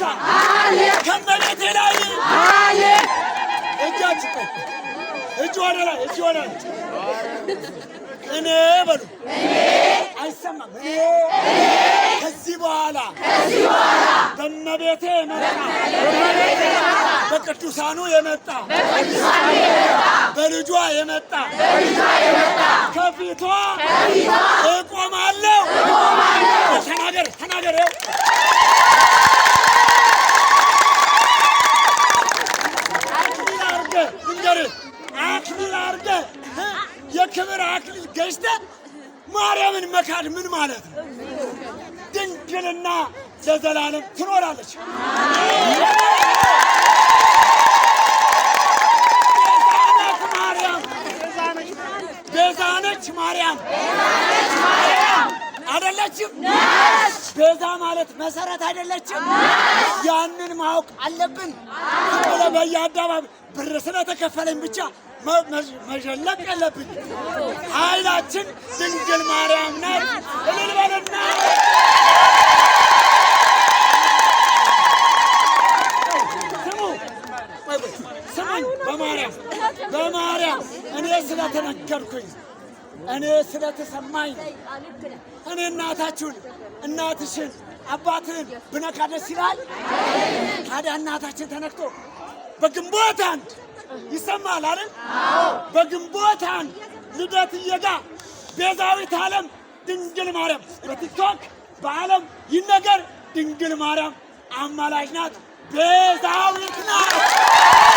ከእናሳ ከመሬቴ ላይ እጃች እጅ ወደ ላይ እጅ ወደ ላይ እኔ በሉ አይሰማም። እኔ ከዚህ በኋላ በመቤቴ የመጣ በቅዱሳኑ የመጣ በልጇ የመጣ ከፊቷ እቆማለሁ። ተናገር ተናገር አድርገህ ልንገርህ፣ አክሊል አድርገህ የክብር አክሊል ገዝተህ ማርያምን መካድ ምን ማለት ነው? ድንግልና ለዘላለም ትኖራለች። ቤዛነች ማርያም ቤዛነች ማርያም አይደለችም። ቤዛ ማለት መሰረት አይደለችም። ያንን ማወቅ አለብን። ብለ በየአደባባዩ ብር ስለተከፈለኝ ብቻ መዠለቅ የለብኝ። ኃይላችን ድንግል ማርያም ናት። እልል በልና ስሙኝ። በማርያም በማርያም እኔ ስለተነገርኩኝ እኔ ስለተሰማኝ እኔ እናታችሁን እናትሽን አባትህን ብነካ ደስ ይላል። ታዲያ እናታችን ተነክቶ በግንቦት አንድ ይሰማል አይደል? በግንቦት አንድ ልደት እየጋ ቤዛዊት ዓለም ድንግል ማርያም በቲክቶክ በዓለም ይነገር ድንግል ማርያም አማላጅ ናት፣ ቤዛዊት ናት።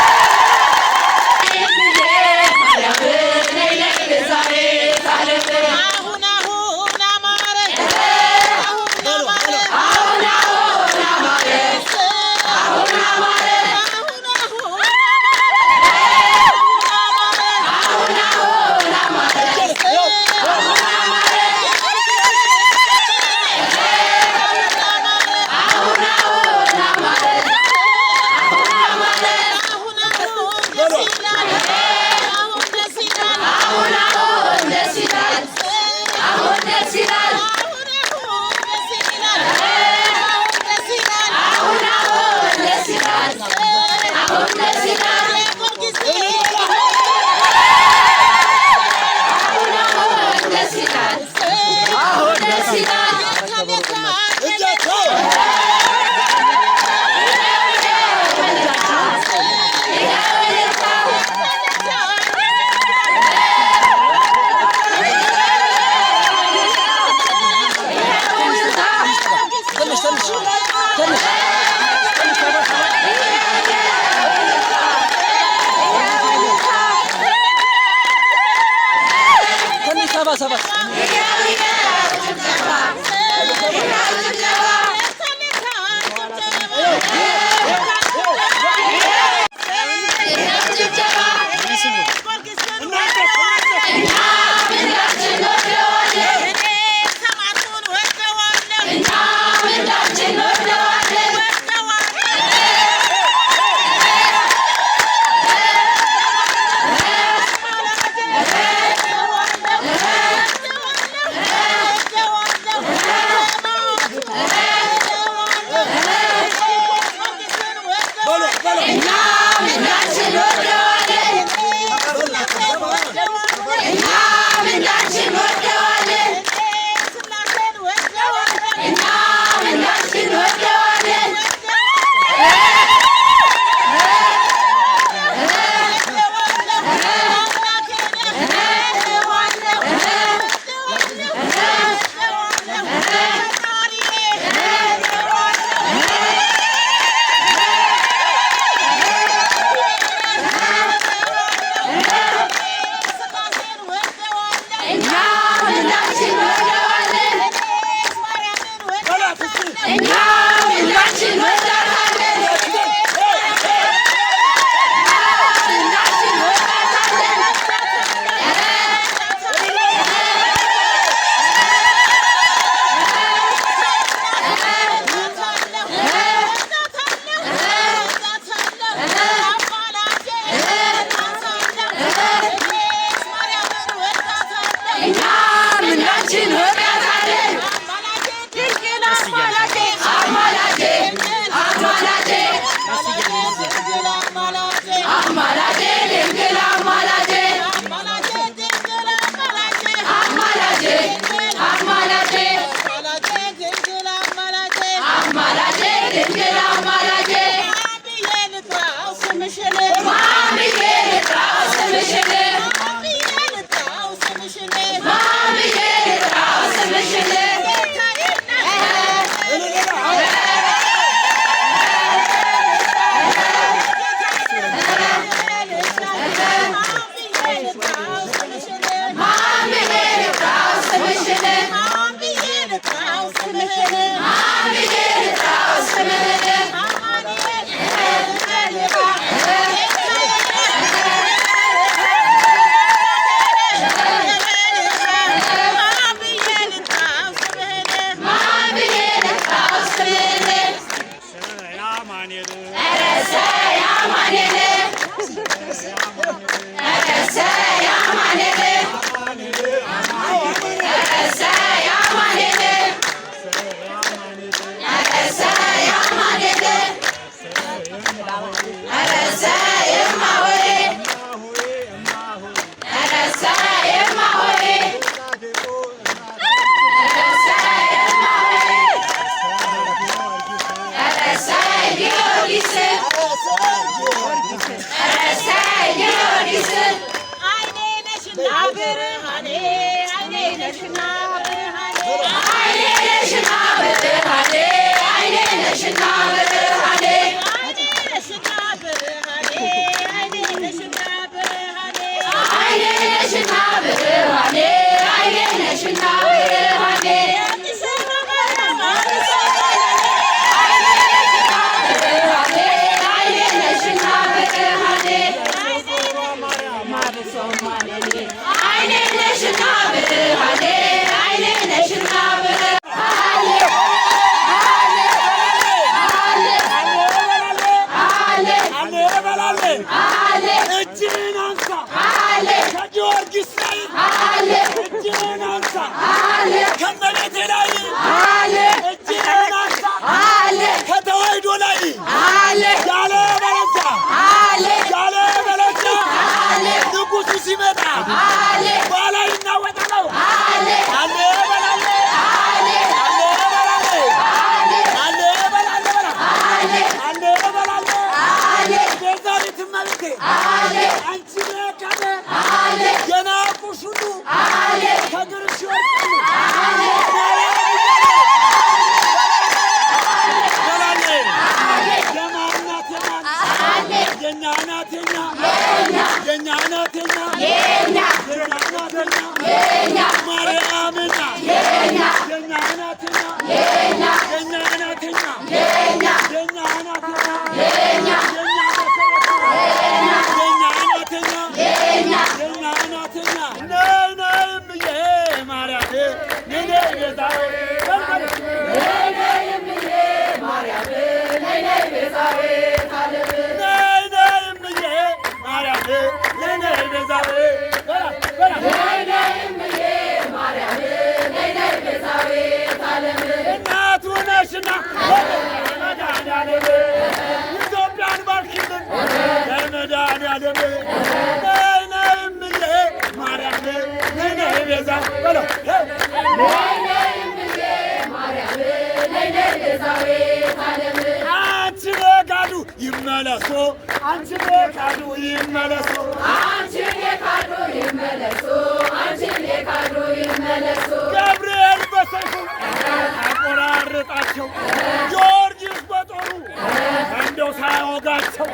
በለው ይመለሱ፣ ይመለሱ፣ ይመለሱ፣ ይመለሱ። ገብርኤል በሰይፉ አቆራርጣቸው፣ ጊዮርጊስ በጦሩ እንደው ሳያወጋቸው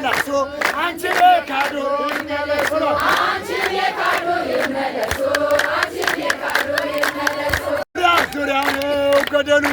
ይመለሱ አንቺን የካዱ ይመለሱ አንቺን የካዱ ይመለሱ አንቺን የካዱ ይመለሱ ዙሪያው ነው ገደሉ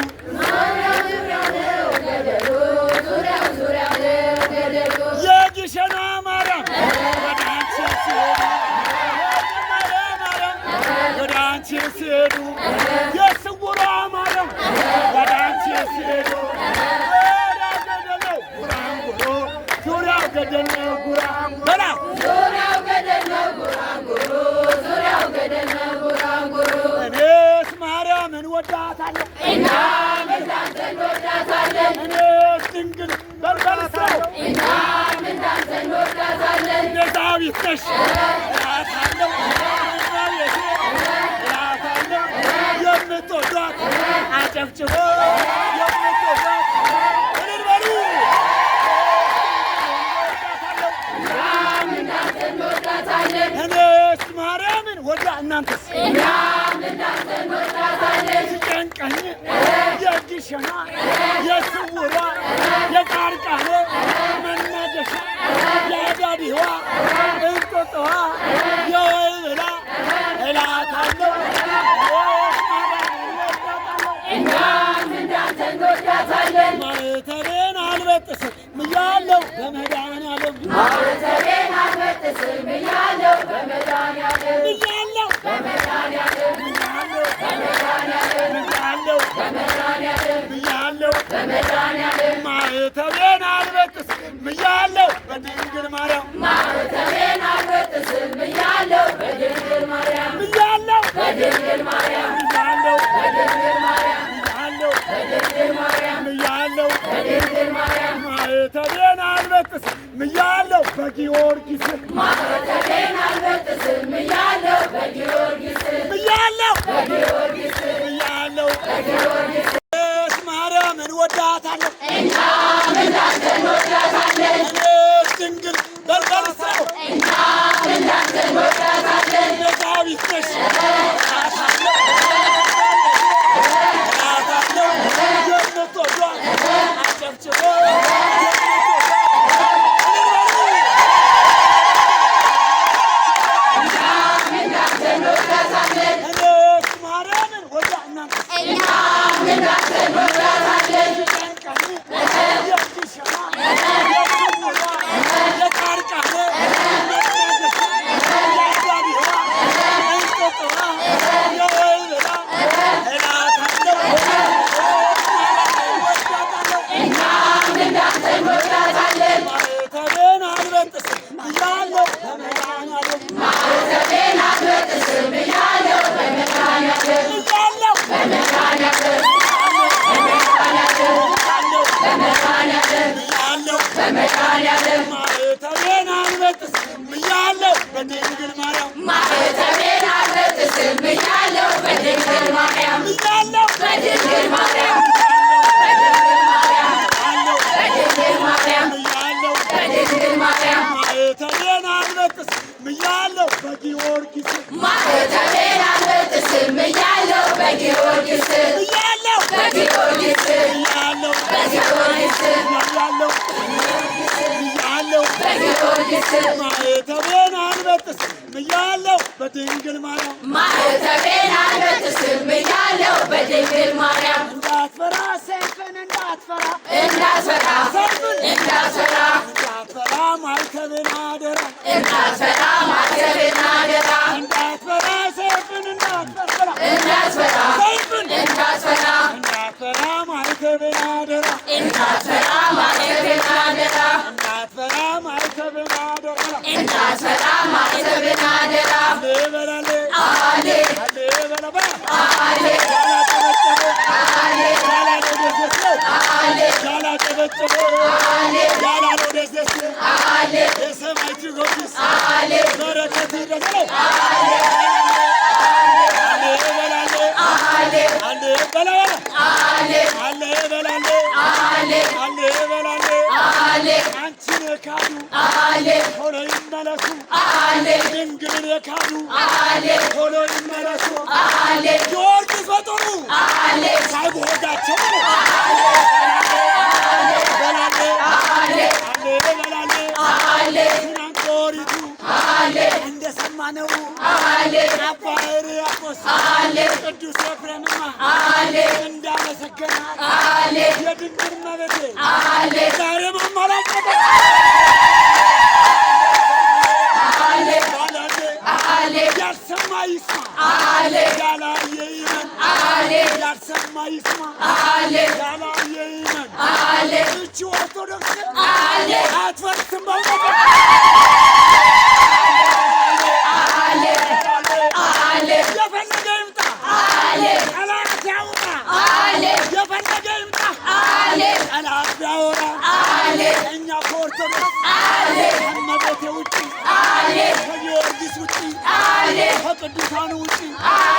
짝짝아 እኔስ ማርያምን ወዲያ እናንተስ ሲጨንቀኝ የእጅ ሸና የስውሯ የቃርቃሎ መናደሻ የአዳዲዋ እንጦጦዋ የወይብላ እላታለሁ ማህተቤን አልበጥስም እያለው በመድኃኒዓለም ማህተቤን አልበጥስም እያለው በመድኃኒዓለም እያለው በመድኃኒዓለም እያለው በመድኃኒዓለም እያለው በመድኃኒዓለም እያለው በመድኃኒዓለም ማህተቤን አልበጥስም እያለው በድንግል ማርያም ማህተቤን አልበጥስም እያለው በድንግል ማርያም እያለው በድንግል ማርያም እያለው በድንግል ማርያም እያለው በድንግል ማርያም ማየተቤን አልበጥስ ምያለው በጊዮርጊስ Bugün derse böyle ማህተቤን አልበጥስም እያለው በድንግል ማርያም እንዳትፈራ ሰይፍን አደራ እንዳትፈራ ማህተቤን አለ በላለ አለ በላለ አሌ አንቺን የካዱ አሌ ቶሎ ይመለሱ አሌ ድንግልን የካዱ አሌ ቶሎ ይመለሱ አሌ ጊዮርጊስ በጥሩ አሌ ሳይወጋቸው በላሌ አሌ በላሌ አሌ አሌ የሰማነው አለ አባ ሕርያቆስ አለ ቅዱስ ኤፍሬምማ አለ እንዳመሰገና አለ የድንግል መቤቴ አለ ዛሬ ማማላቀበ አለ አለ ያልሰማ ይስማ አለ ያላየ ይመን አለ ያልሰማ ይስማ አለ ያላየ ይመን አለ እቺ ኦርቶዶክስ አለ አትፈርስም ባውቀ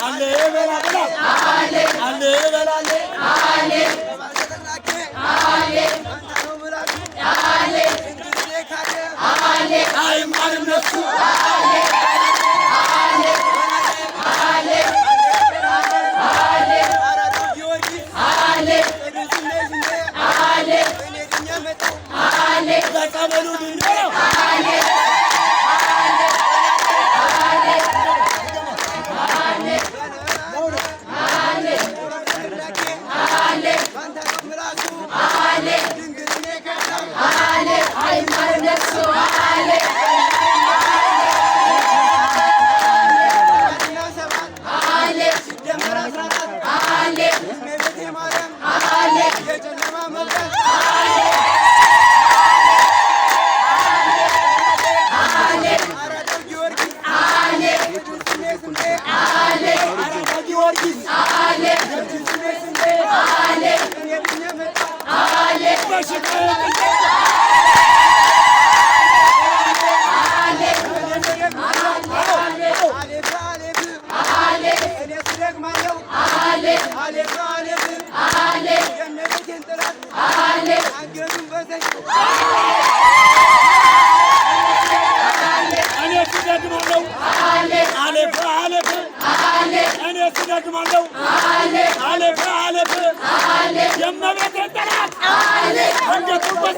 አለ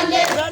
anne.